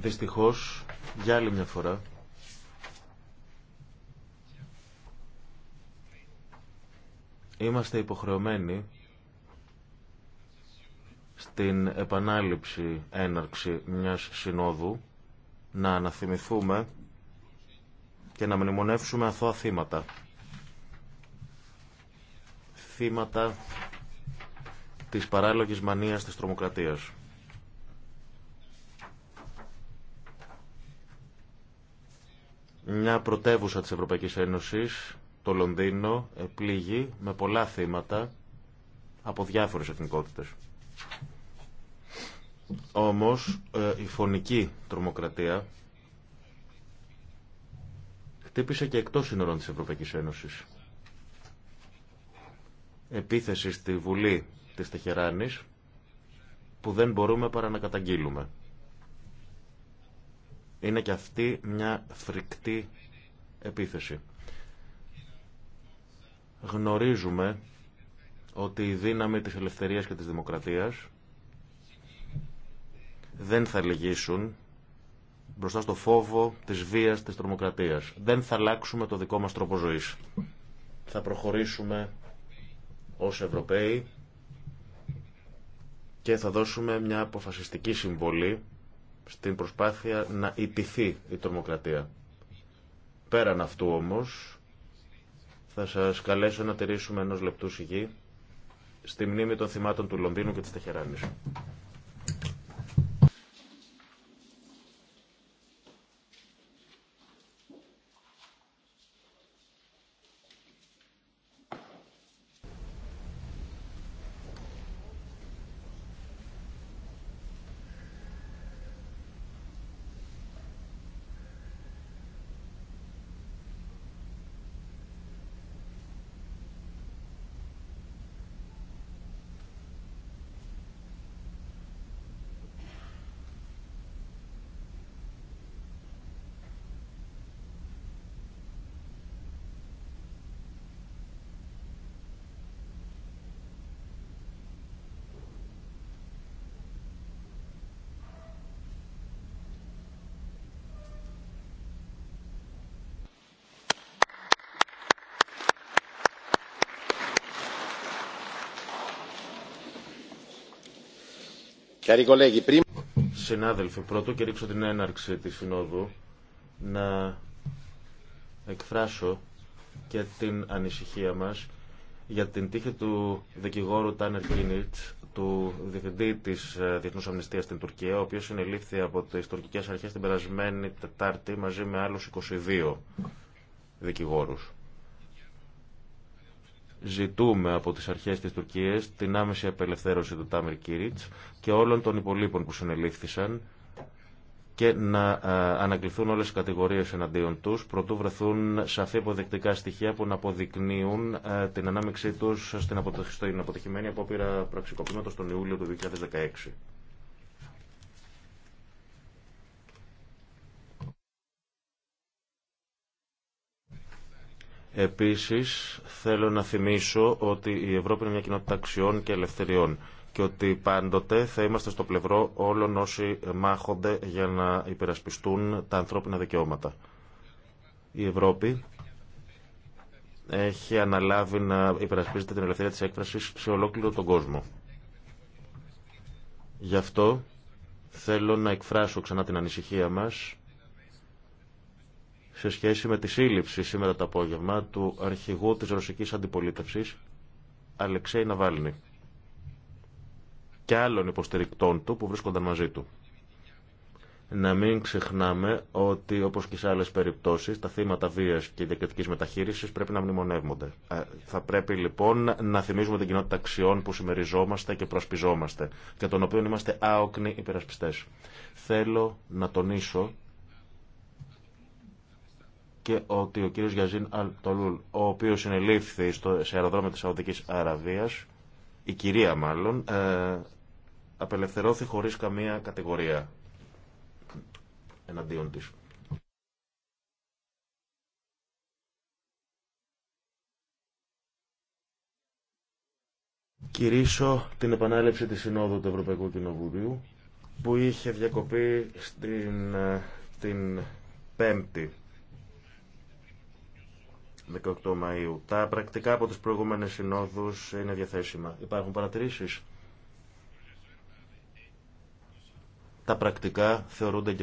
Δυστυχώς, για άλλη μια φορά, είμαστε υποχρεωμένοι στην επανάληψη έναρξη μιας συνόδου να αναθυμηθούμε και να μνημονεύσουμε αθώα θύματα. Θύματα της παράλογης μανίας της τρομοκρατίας. Μια πρωτεύουσα της Ευρωπαϊκής Ένωσης, το Λονδίνο, πλήγει με πολλά θύματα από διάφορες εθνικότητες. Όμως ε, η φωνική τρομοκρατία χτύπησε και εκτός σύνορων της Ευρωπαϊκής Ένωσης. Επίθεση στη Βουλή της Τεχεράνης που δεν μπορούμε παρά να καταγγείλουμε είναι και αυτή μια φρικτή επίθεση. Γνωρίζουμε ότι η δύναμη της ελευθερίας και της δημοκρατίας δεν θα λυγίσουν μπροστά στο φόβο της βίας, της τρομοκρατίας. Δεν θα αλλάξουμε το δικό μας τρόπο ζωής. Θα προχωρήσουμε ως Ευρωπαίοι και θα δώσουμε μια αποφασιστική συμβολή στην προσπάθεια να ιτηθεί η τρομοκρατία. Πέραν αυτού όμως, θα σας καλέσω να τηρήσουμε ενός λεπτού σιγή στη μνήμη των θυμάτων του Λονδίνου και της Τεχεράνης. Συνάδελφοι, πρώτο και ρίξω την έναρξη της Συνόδου να εκφράσω και την ανησυχία μας για την τύχη του δικηγόρου Τάνερ Κίνιτ, του διευθυντή τη ε, Διεθνού Αμνηστία στην Τουρκία, ο οποίο συνελήφθη από τι τουρκικέ αρχέ την περασμένη Τετάρτη μαζί με άλλου 22 δικηγόρου. Ζητούμε από τις αρχές της Τουρκίας την άμεση απελευθέρωση του Τάμερ Κίριτς και όλων των υπολείπων που συνελήφθησαν και να ε, ανακληθούν όλες οι κατηγορίες εναντίον τους, προτού βρεθούν σαφή υποδεκτικά στοιχεία που να αποδεικνύουν ε, την ανάμεξή τους στην αποτυχημένη απόπειρα πραξικοπήματος τον Ιούλιο του 2016. Επίσης, θέλω να θυμίσω ότι η Ευρώπη είναι μια κοινότητα αξιών και ελευθεριών και ότι πάντοτε θα είμαστε στο πλευρό όλων όσοι μάχονται για να υπερασπιστούν τα ανθρώπινα δικαιώματα. Η Ευρώπη έχει αναλάβει να υπερασπίζεται την ελευθερία της έκφρασης σε ολόκληρο τον κόσμο. Γι' αυτό θέλω να εκφράσω ξανά την ανησυχία μας σε σχέση με τη σύλληψη σήμερα το απόγευμα του αρχηγού της ρωσικής αντιπολίτευσης Αλεξέη Ναβάλνη και άλλων υποστηρικτών του που βρίσκονταν μαζί του. Να μην ξεχνάμε ότι όπως και σε άλλες περιπτώσεις τα θύματα βίας και διακριτικής μεταχείρισης πρέπει να μνημονεύονται. Ε, θα πρέπει λοιπόν να θυμίζουμε την κοινότητα αξιών που συμμεριζόμαστε και προσπιζόμαστε και των οποίων είμαστε άοκνοι υπερασπιστές. Θέλω να τονίσω και ότι ο κύριος Γιαζίν Αλτολούλ, ο οποίος συνελήφθη στο, σε αεροδρόμιο της Σαουδικής Αραβίας, η κυρία μάλλον, ε, απελευθερώθη χωρίς καμία κατηγορία εναντίον της. Κυρίσω την επανάληψη της Συνόδου του Ευρωπαϊκού Κοινοβουλίου που είχε διακοπεί στην, ε, την Πέμπτη 18 Μαΐου. Τα πρακτικά από τις προηγούμενες συνόδους είναι διαθέσιμα. Υπάρχουν παρατηρήσεις. Τα πρακτικά θεωρούνται